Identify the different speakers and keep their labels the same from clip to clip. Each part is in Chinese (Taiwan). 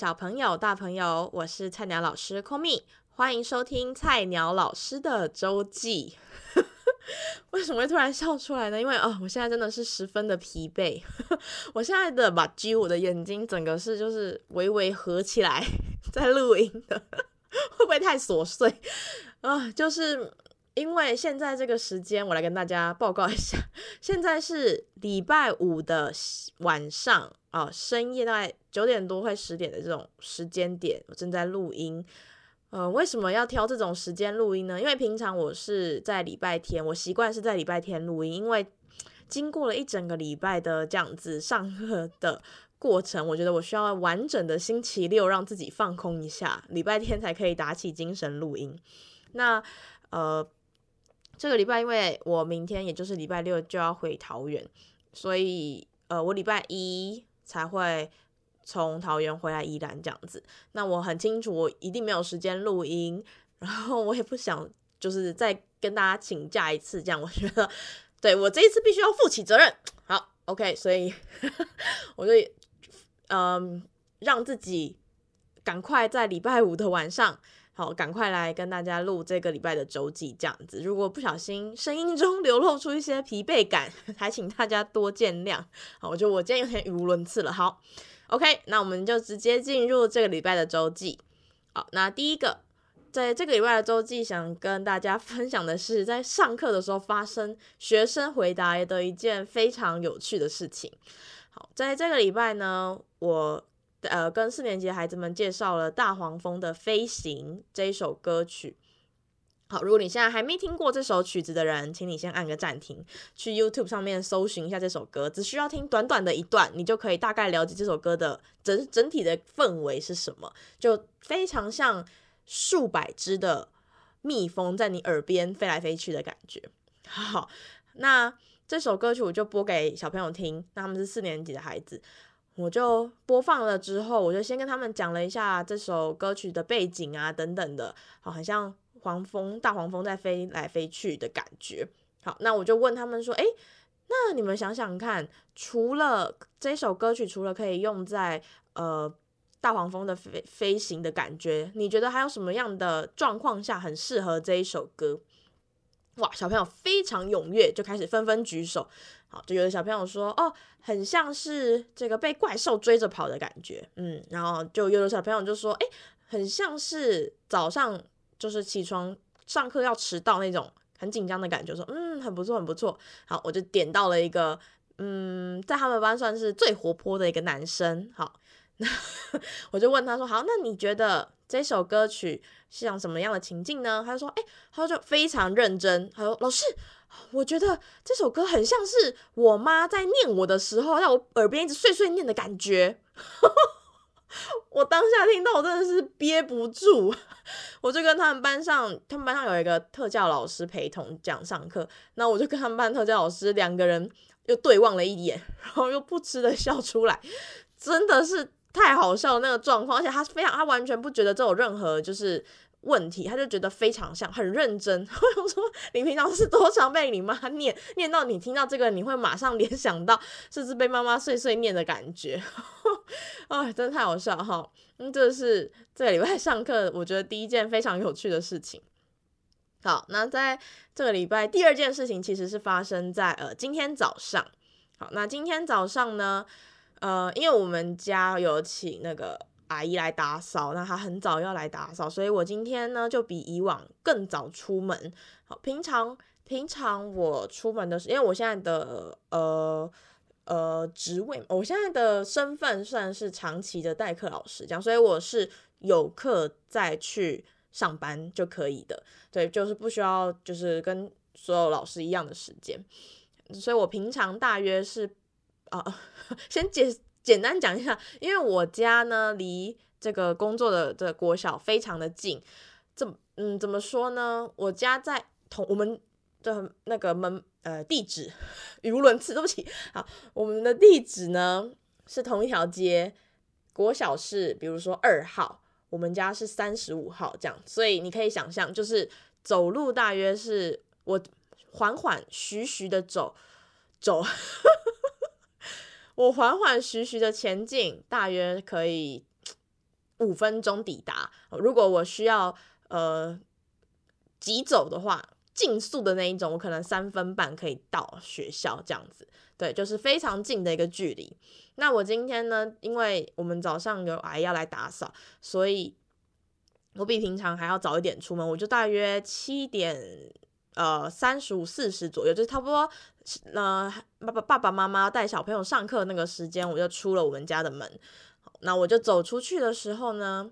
Speaker 1: 小朋友、大朋友，我是菜鳥老師 me 歡迎收聽菜鳥老師的週記。 為什麼會突然笑出來呢？因為啊、哦，我現在真的是十分的疲憊。 我現在的把，我的眼睛整個是就是微微合起來在錄音的， 會不會太瑣碎啊、呃？就是因為現在這個時間，我來跟大家報告一下，現在是禮拜五的晚上。啊、呃，深夜大概九點多或十點的這種時間點，我正在錄音。呃，為什麼要挑這種時間錄音呢？因為平常我是在禮拜天，我習慣是在禮拜天錄音，因為經過了一整個禮拜的這樣子上課的過程，我覺得我需要完整的星期六讓自己放空一下，禮拜天才可以打起精神錄音。那呃，這個禮拜因為我明天也就是禮拜六就要回桃園，所以呃，我禮拜一，才會從桃園回來宜蘭這樣子，那我很清楚，我一定沒有時間錄音，然後我也不想就是再跟大家請假一次，這樣我覺得，對，我這一次必須要負起責任。好，OK，所以 我就嗯讓自己趕快在禮拜五的晚上。好，趕快來跟大家錄這個禮拜的週記，這樣子。如果不小心聲音中流露出一些疲憊感，還請大家多見諒。好，我覺得我今天有點語無倫次了。好，OK，那我們就直接進入這個禮拜的週記。好，那第一個，在這個禮拜的週記，想跟大家分享的是，在上課的時候發生學生回答的一件非常有趣的事情。好，在這個禮拜呢，我。呃，跟四年級的孩子們介紹了《大黃蜂的飛行》這一首歌曲。好，如果你現在還沒聽過這首曲子的人，請你先按個暫停，去 YouTube 上面搜尋一下這首歌。只需要聽短短的一段，你就可以大概了解這首歌的整整體的氛圍是什麼，就非常像數百只的蜜蜂在你耳邊飛來飛去的感覺。好，那這首歌曲我就播給小朋友聽，那他們是四年級的孩子。我就播放了之後，我就先跟他們講了一下這首歌曲的背景啊，等等的。好，很像黃蜂，大黃蜂在飛來飛去的感覺。好，那我就問他們說：“欸，那你們想想看，除了這首歌曲，除了可以用在呃大黃蜂的飛飛行的感覺，你覺得還有什麼樣的狀況下很適合這一首歌？”哇，小朋友非常踴躍，就開始紛紛舉手。好，就有的小朋友說，哦，很像是這個被怪獸追着跑的感覺。嗯，然後就有的小朋友就說，哎，很像是早上就是起床上課要遲到那種很緊張的感覺。說，嗯，很不錯，很不錯。好，我就點到了一個，嗯，在他們班算是最活潑的一個男生。好，那我就問他說，好，那你覺得這首歌曲像什麼樣的情境呢？他就說，哎，他就非常認真，他說，老師。我覺得這首歌很像是我媽在念我的時候，在我耳邊一直碎碎念的感覺。 我當下聽到，我真的是憋不住，我就跟他們班上，他們班上有一個特教老師陪同講上課。那我就跟他們班特教老師兩個人又對望了一眼，然後又噗嗤的笑出來，真的是太好笑的那個狀況。而且他非常，他完全不覺得這有任何就是。問題，他就覺得非常像，很認真。我想說，你平常是多常被你媽念念到？你聽到這個，你會馬上聯想到，甚至被媽媽碎碎念的感覺。哦、哎，真的太好笑哈！嗯，這、就是這個禮拜上課，我覺得第一件非常有趣的事情。好，那在這個禮拜第二件事情，其實是發生在呃今天早上。好，那今天早上呢？呃，因為我們家有請那個。阿姨來打掃，那她很早要來打掃，所以我今天呢就比以往更早出門。好，平常平常我出門的時候是因為我現在的呃呃職位，我現在的身份算是長期的代課老師這樣，所以我是有課再去上班就可以的。對，就是不需要就是跟所有老師一樣的時間，所以我平常大約是啊先解。簡單講一下，因為我家呢離這個工作的的、這個、國小非常的近，這嗯，怎麼說呢？我家在同我們的那個門呃地址，語無倫次，對不起。好，我們的地址呢是同一條街，國小是比如說二號，我們家是三十五號這樣，所以你可以想象，就是走路大約是我緩緩徐徐的走走。 我緩緩徐徐的前進，大約可以五分鐘抵達。如果我需要呃急走的話，競速的那一種，我可能三分半可以到學校這樣子。對，就是非常近的一個距離。那我今天呢，因為我們早上有阿姨要來打掃，所以我比平常還要早一點出門，我就大約七點。呃，三十五、四十左右，就是差不多，那爸爸、爸爸媽媽帶小朋友上課那個時間，我就出了我們家的門。那我就走出去的時候呢，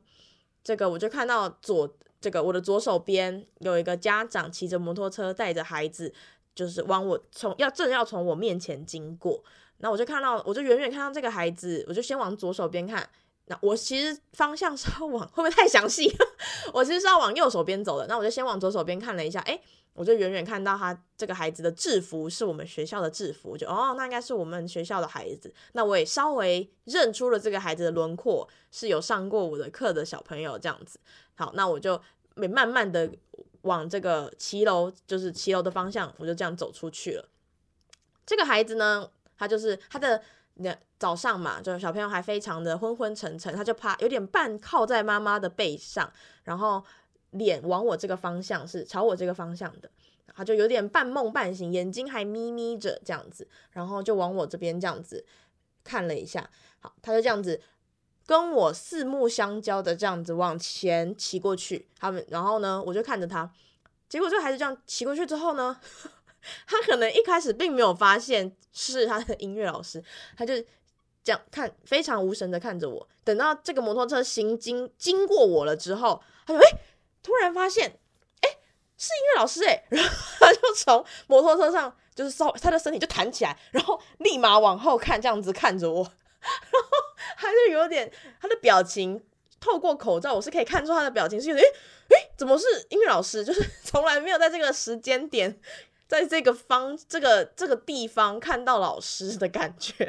Speaker 1: 這個我就看到左這個我的左手邊有一個家長騎着摩托車帶着孩子，就是往我從要正要從我面前經過。那我就看到，我就遠遠看到這個孩子，我就先往左手邊看。那我其實方向稍往會不會太詳細？ 我其實是要往右手邊走的，那我就先往左手邊看了一下，哎、欸，我就遠遠看到他這個孩子的制服是我們學校的制服，就哦，那應該是我們學校的孩子。那我也稍微認出了這個孩子的輪廓是有上過我的課的小朋友這樣子。好，那我就慢慢的往這個騎樓，就是騎樓的方向，我就這樣走出去了。這個孩子呢，他就是他的。那早上嘛，就小朋友還非常的昏昏沉沉，他就趴有點半靠在媽媽的背上，然後臉往我這個方向是朝我這個方向的，他就有點半夢半醒，眼睛還眯眯着這樣子，然後就往我這邊這樣子看了一下。好，他就這樣子跟我四目相交的這樣子往前騎過去，他們，然後呢，我就看着他，結果這孩子這樣騎過去之後呢，他可能一開始並沒有發現是他的音樂老師，他就這樣看，非常無神的看着我。等到這個摩托車行經經過我了之後，他就誒、欸、突然發現，誒、欸、是音樂老師誒、欸，然後他就從摩托車上，就是之他的身體就彈起來，然後立馬往後看，這樣子看着我。然後他就有點他的表情，透過口罩我是可以看出他的表情是有點、欸欸、怎麼是音樂老師？就是從來沒有在這個時間點。在這個方這個這個地方看到老師的感覺，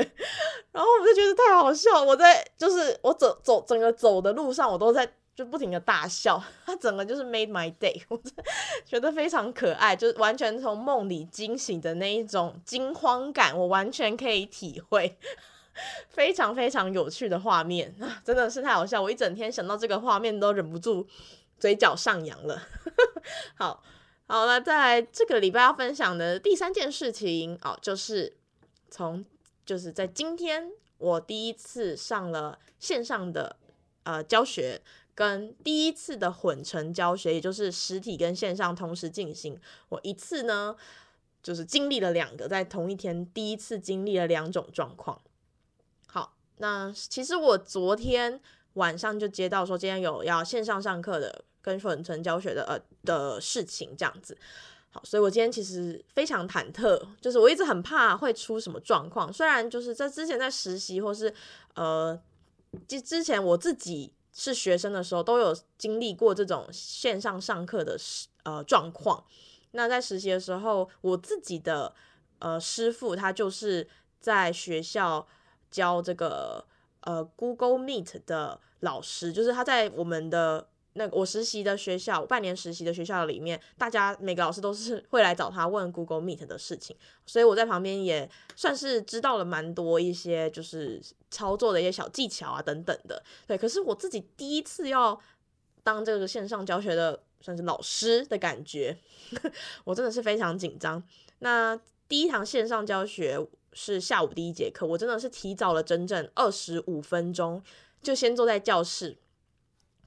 Speaker 1: 然後我就覺得太好笑。我在就是我走走整個走的路上，我都在就不停的大笑。他整個就是 made my day，我真覺得非常可愛，就是完全從夢裡驚醒的那一種驚慌感，我完全可以體會。非常非常有趣的畫面，啊，真的是太好笑。我一整天想到這個畫面都忍不住嘴角上揚了。呵呵，好。好，那在這個禮拜要分享的第三件事情哦，就是從就是在今天，我第一次上了線上的呃教學，跟第一次的混成教學，也就是實體跟線上同時進行。我一次呢，就是經歷了兩個在同一天，第一次經歷了兩種狀況。好，那其實我昨天晚上就接到說，今天有要線上上課的。跟混成教學的呃的事情這樣子，好，所以我今天其實非常忐忑，就是我一直很怕會出什麼狀況。雖然就是在之前在實習或是呃，之之前我自己是學生的時候，都有經歷過這種線上上課的呃狀況。那在實習的時候，我自己的呃師傅他就是在學校教這個呃 Google Meet 的老師，就是他在我們的。那個、我實習的學校，半年實習的學校裡面，大家每個老師都是會來找他問 Google Meet 的事情，所以我在旁邊也算是知道了蠻多一些，就是操作的一些小技巧啊等等的。對，可是我自己第一次要當這個線上教學的，算是老師的感覺， 我真的是非常緊張。那第一堂線上教學是下午第一節課，我真的是提早了整整二十五分鐘，就先坐在教室。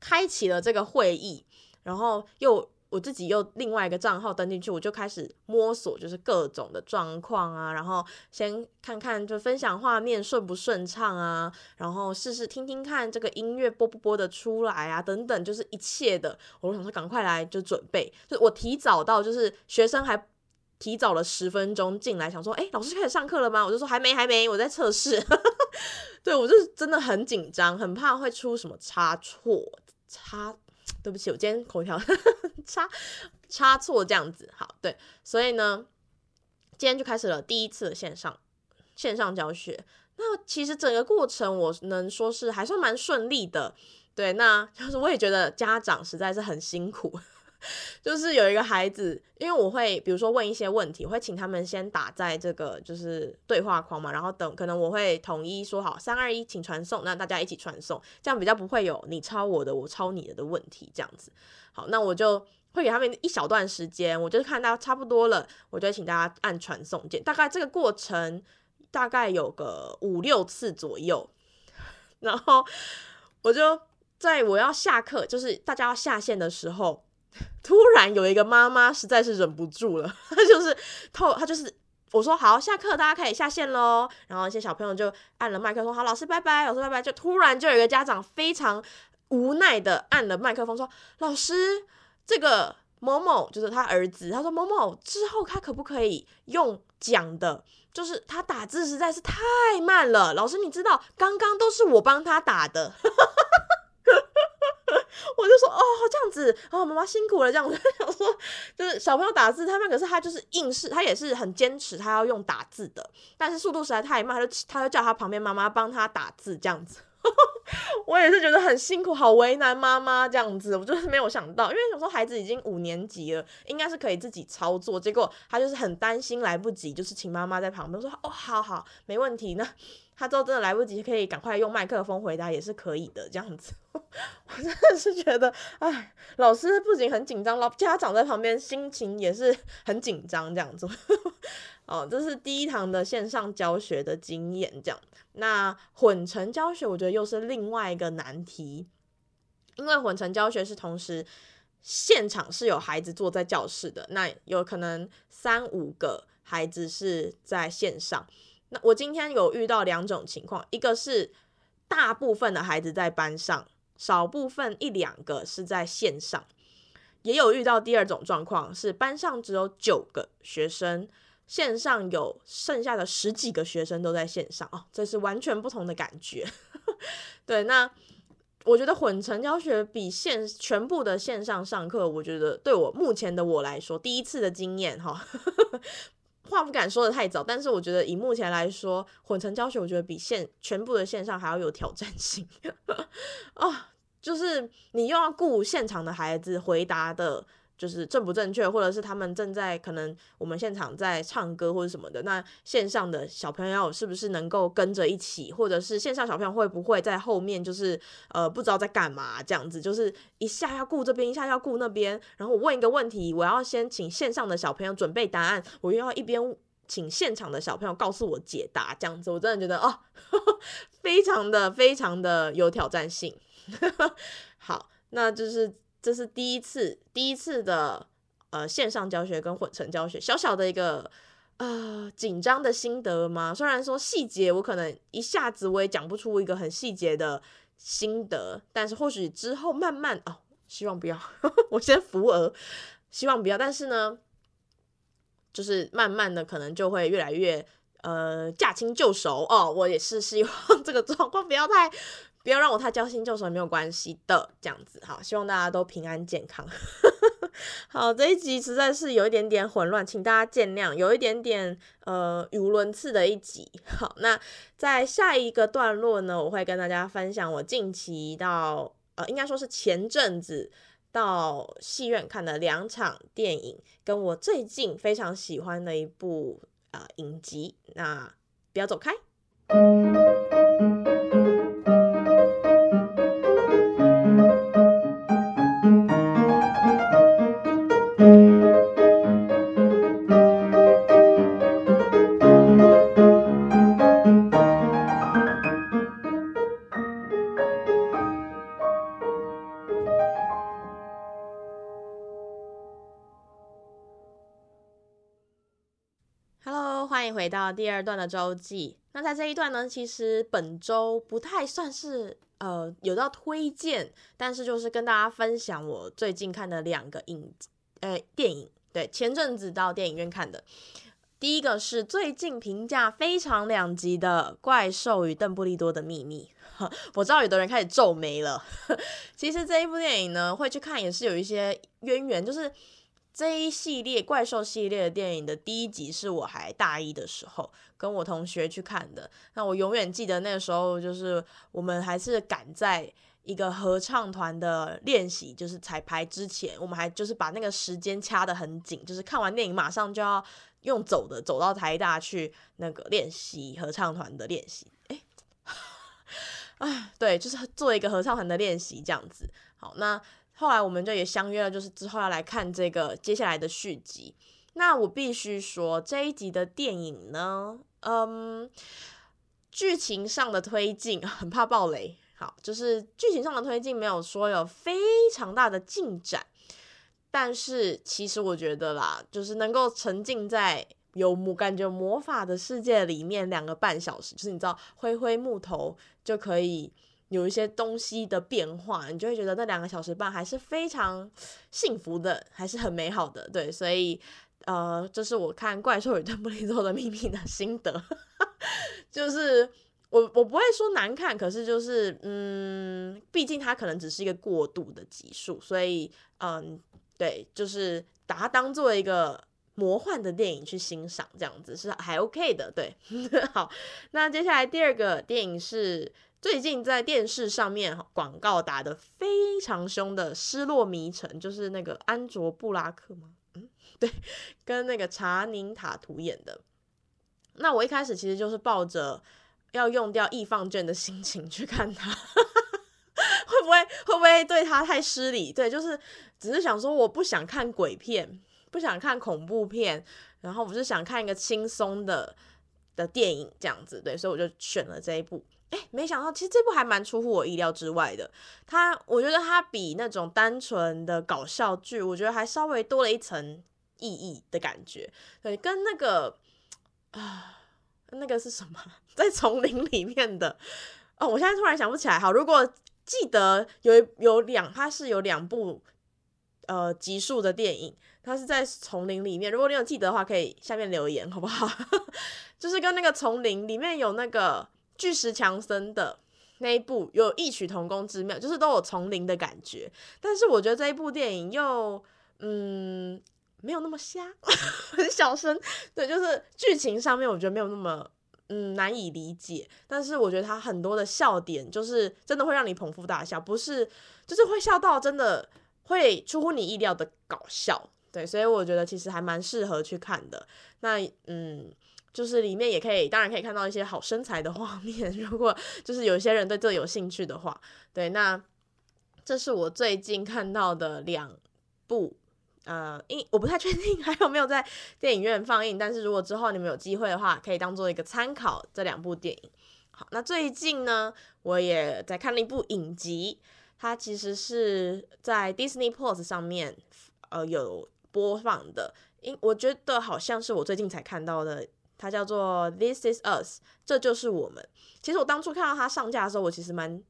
Speaker 1: 開啟了這個會議，然後又我自己又另外一個賬號登進去，我就開始摸索，就是各種的狀況啊，然後先看看就分享畫面順不順暢啊，然後試試聽聽看這個音樂播不播得出來啊，等等，就是一切的，我想說趕快來就準備，就我提早到，就是學生還。提早了十分鐘進來，想說，哎、欸，老師開始上課了嗎？我就說還沒，還沒，我在測試。 對，我就真的很緊張，很怕會出什麼差錯。差，對不起，我今天口條 差差錯這樣子。好，對，所以呢，今天就開始了第一次線上線上教學。那其實整個過程我能說是還算蠻順利的。對，那就是我也覺得家長實在是很辛苦。就是有一個孩子，因為我會比如說問一些問題，我會請他們先打在這個就是對話框嘛，然後等可能我會統一說好三二一，3, 2, 1, 請傳送，讓大家一起傳送，這樣比較不會有你抄我的，我抄你的的問題，這樣子。好，那我就會給他們一小段時間，我就是看到差不多了，我就請大家按傳送鍵，大概這個過程大概有個五六次左右，然後我就在我要下課，就是大家要下線的時候。突然有一個媽媽實在是忍不住了，她就是透，她就是我說好下課，大家可以下線嘍。然後一些小朋友就按了麥克風，好，老師拜拜，老師拜拜。就突然就有一個家長非常無奈的按了麥克風，說：“老師，這個某某就是他兒子，他說某某之後他可不可以用講的，就是他打字實在是太慢了。老師，你知道剛剛都是我幫他打的。 ” 我就說哦，這樣子，然後媽媽辛苦了。這樣子，我就想說，就是小朋友打字，他們可是他就是硬是，他也是很堅持，他要用打字的，但是速度實在太慢，他就他就叫他旁邊媽媽幫他打字這樣子。 我也是覺得很辛苦，好為難媽媽這樣子。我就是沒有想到，因為想說孩子已經五年級了，應該是可以自己操作，結果他就是很擔心來不及，就是請媽媽在旁邊說哦，好好，沒問題。那他之後真的來不及，可以趕快用麥克風回答也是可以的這樣子。我真的是覺得，哎，老師不僅很緊張，老家長在旁邊，心情也是很緊張，這樣子。哦，這是第一堂的線上教學的經驗，這樣。那混成教學，我覺得又是另外一個難題，因為混成教學是同時現場是有孩子坐在教室的，那有可能三五個孩子是在線上。那我今天有遇到兩種情況，一個是大部分的孩子在班上。少部分一兩個是在線上，也有遇到第二種狀況，是班上只有九個學生，線上有剩下的十幾個學生都在線上哦，這是完全不同的感覺。呵呵對，那我覺得混成教學比線全部的線上上課，我覺得對我目前的我來說，第一次的經驗哈。呵呵話不敢說的太早，但是我覺得以目前來說，混成教學我覺得比線全部的線上還要有挑戰性啊、 哦，就是你又要顧現場的孩子回答的。就是正不正確，或者是他們正在可能我們現場在唱歌或者什麼的，那線上的小朋友是不是能夠跟着一起，或者是線上小朋友會不會在後面就是呃不知道在幹嘛這樣子，就是一下要顧這邊，一下要顧那邊，然後我問一個問題，我要先請線上的小朋友準備答案，我又要一邊請現場的小朋友告訴我解答，這樣子我真的覺得啊、哦，非常的非常的有挑戰性。 好，那就是。這是第一次，第一次的呃線上教學跟混成教學，小小的一個呃緊張的心得嘛。雖然說細節我可能一下子我也講不出一個很細節的心得，但是或許之後慢慢哦，希望不要呵呵我先扶額，希望不要。但是呢，就是慢慢的可能就會越來越呃駕輕就熟哦。我也是希望這個狀況不要太。不要讓我太交心就是沒有關係的，這樣子好，希望大家都平安健康。 好，這一集實在是有一點點混亂，請大家見諒，有一點點呃語無倫次的一集。好，那在下一個段落呢，我會跟大家分享我近期到呃，應該說是前陣子到戲院看的兩場電影，跟我最近非常喜歡的一部啊、呃、影集。那不要走開。 回到第二段的週記，那在這一段呢，其實本周不太算是呃有到推薦，但是就是跟大家分享我最近看的兩個影子呃電影，對，前陣子到電影院看的，第一個是最近評價非常兩極的《怪獸與鄧布利多的秘密》，我知道有的人開始皺眉了，其實這一部電影呢，會去看也是有一些淵源，就是。這一系列怪獸系列的電影的第一集是我還大一的時候跟我同學去看的。那我永遠記得那個時候，就是我們還是趕在一個合唱團的練習，就是彩排之前，我們還就是把那個時間掐得很緊，就是看完電影馬上就要用走的走到台大去那個練習合唱團的練習。哎、欸，對，就是做一個合唱團的練習這樣子。好，那。後來我們就也相約了，就是之後要來看這個接下來的續集。那我必須說，這一集的電影呢，嗯，劇情上的推進很怕暴雷，好，就是劇情上的推進沒有說有非常大的進展，但是其實我覺得啦，就是能夠沉浸在有魔感覺魔法的世界裡面兩個半小時，就是你知道揮揮木頭就可以。有一些東西的變化，你就會覺得那兩個小時半還是非常幸福的，還是很美好的。對，所以呃，這、就是我看《怪獸與鄧布利多的祕密》的心得，呵呵就是我我不會說難看，可是就是嗯，畢竟它可能只是一個過渡的集數，所以嗯，對，就是把它當做一個魔幻的電影去欣賞，這樣子是還 OK 的。對，好，那接下來第二個電影是。最近在電視上面廣告打得非常凶的《失落迷城》，就是那個安卓布拉克嗎？嗯，對，跟那個查寧塔圖演的。那我一開始其實就是抱着要用掉易放券的心情去看他， 會不會會不會對他太失禮？對，就是只是想說我不想看鬼片，不想看恐怖片，然後我是想看一個輕鬆的的電影這樣子，對，所以我就選了這一部。哎，沒想到，其實這部還蠻出乎我意料之外的。它，我覺得它比那種單純的搞笑劇，我覺得還稍微多了一層意義的感覺。對，跟那個啊、呃，那個是什麼？在叢林裡面的哦，我現在突然想不起來。好，如果記得有有兩，它是有兩部呃集數的電影，它是在叢林裡面。如果你有記得的話，可以下面留言，好不好？ 就是跟那個叢林裡面有那個。巨石強森的那一部有異曲同工之妙，就是都有叢林的感覺。但是我覺得這一部電影又嗯沒有那麼瞎，很小聲。對，就是劇情上面我覺得沒有那麼嗯難以理解。但是我覺得它很多的笑點就是真的會讓你捧腹大笑，不是就是會笑到真的會出乎你意料的搞笑。對，所以我覺得其實還蠻適合去看的。那嗯。就是裡面也可以，當然可以看到一些好身材的畫面。如果就是有一些人對這有興趣的話，對，那這是我最近看到的兩部，呃，因我不太確定還有沒有在電影院放映。但是如果之後你們有機會的話，可以當做一個參考這兩部電影。好，那最近呢，我也在看了一部影集，它其實是在 Disney Plus 上面呃有播放的。因我覺得好像是我最近才看到的。它叫做《This Is Us》，這就是我們。其實我當初看到它上架的時候，我其實蠻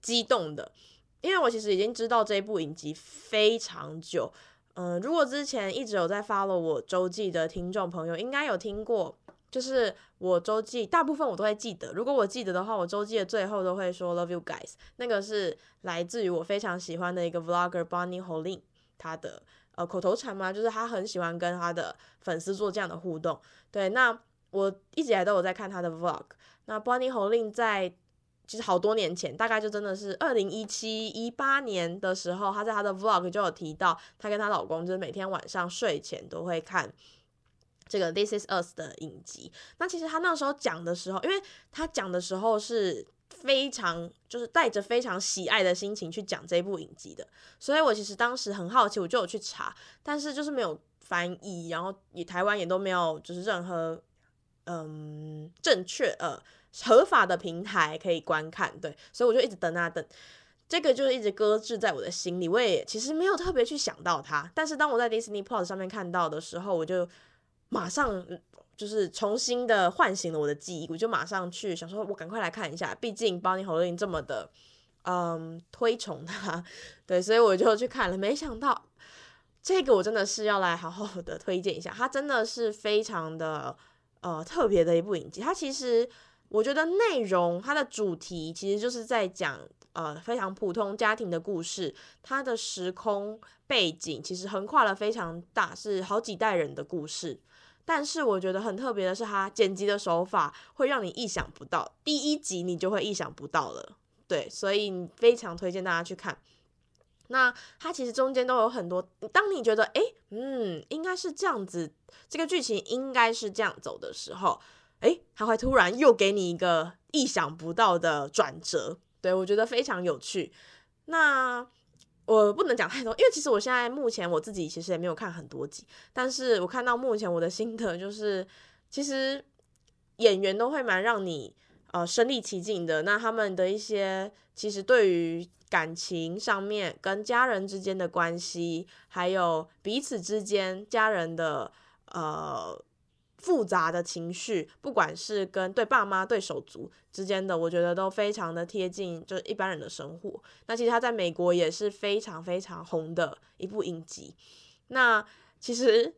Speaker 1: 激動的，因為我其實已經知道這部影集非常久。嗯、呃，如果之前一直有在 follow 我週記的聽眾朋友，應該有聽過，就是我週記大部分我都會記得。如果我記得的話，我週記的最後都會說 “Love you guys”，那個是來自於我非常喜歡的一個 vlogger Bonnie Holin 他的，呃，口頭禪嘛，就是他很喜歡跟他的粉絲做這樣的互動。對，那。我一直以來都有在看她的 Vlog。那 Bonnie Holling 在其實好多年前，大概就真的是二零一七一八年的時候，她在她的 Vlog 就有提到，她跟她老公就是每天晚上睡前都會看這個《This Is Us》的影集。那其實她那時候講的時候，因為她講的時候是非常就是帶着非常喜愛的心情去講這部影集的，所以我其實當時很好奇，我就有去查，但是就是沒有翻譯，然後也台灣也都沒有就是任何。嗯，正確呃，合法的平台可以觀看，對，所以我就一直等啊等，這個就是一直擱置在我的心裡，我也其實沒有特別去想到它。但是當我在 Disney Plus 上面看到的時候，我就馬上就是重新的喚醒了我的記憶，我就馬上去想說，我趕快來看一下，畢竟鮑尼·侯 e n 這麼的嗯推崇它，對，所以我就去看了。沒想到這個我真的是要來好好的推薦一下，它真的是非常的。呃，特別的一部影集，它其實我覺得內容，它的主題其實就是在講呃非常普通家庭的故事，它的時空背景其實橫跨了非常大，是好幾代人的故事。但是我覺得很特別的是，它剪輯的手法會讓你意想不到，第一集你就會意想不到了，對，所以非常推薦大家去看。那它其實中間都有很多，當你覺得誒、欸、嗯，應該是這樣子，這個劇情應該是這樣走的時候，誒、欸，它會突然又給你一個意想不到的轉折，對，我覺得非常有趣。那我不能講太多，因為其實我現在目前我自己其實也沒有看很多集，但是我看到目前我的心得就是，其實演員都會蠻讓你。呃，身臨其境的，那他們的一些，其實對於感情上面跟家人之間的關係，還有彼此之間家人的呃複雜的情緒，不管是跟對爸媽、對手足之間的，我覺得都非常的貼近，就是一般人的生活。那其實他在美國也是非常非常紅的一部影集。那其實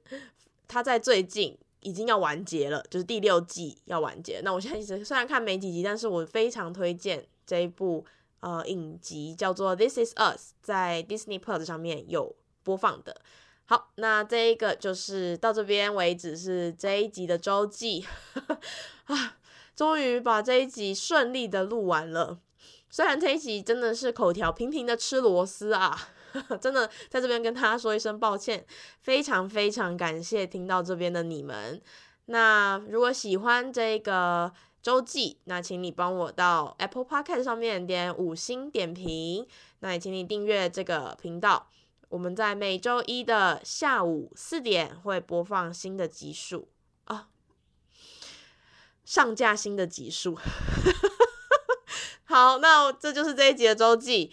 Speaker 1: 他在最近。已經要完結了，就是第六季要完結。那我現在雖然看沒幾集，但是我非常推薦這一部呃影集叫做《This Is Us》，在 Disney Plus 上面有播放的。好，那這一個就是到這邊為止是這一集的週記啊，終 於把這一集順利的錄完了。雖然這一集真的是口條平平的吃螺絲啊。 真的在這邊跟大家說一聲抱歉，非常非常感謝聽到這邊的你們。那如果喜歡這個週記，那請你幫我到 Apple Podcast 上面點五星點評。那也請你訂閱這個頻道。我們在每周一的下午四點會播放新的集數啊，上架新的集數。 好，那這就是這一集的週記。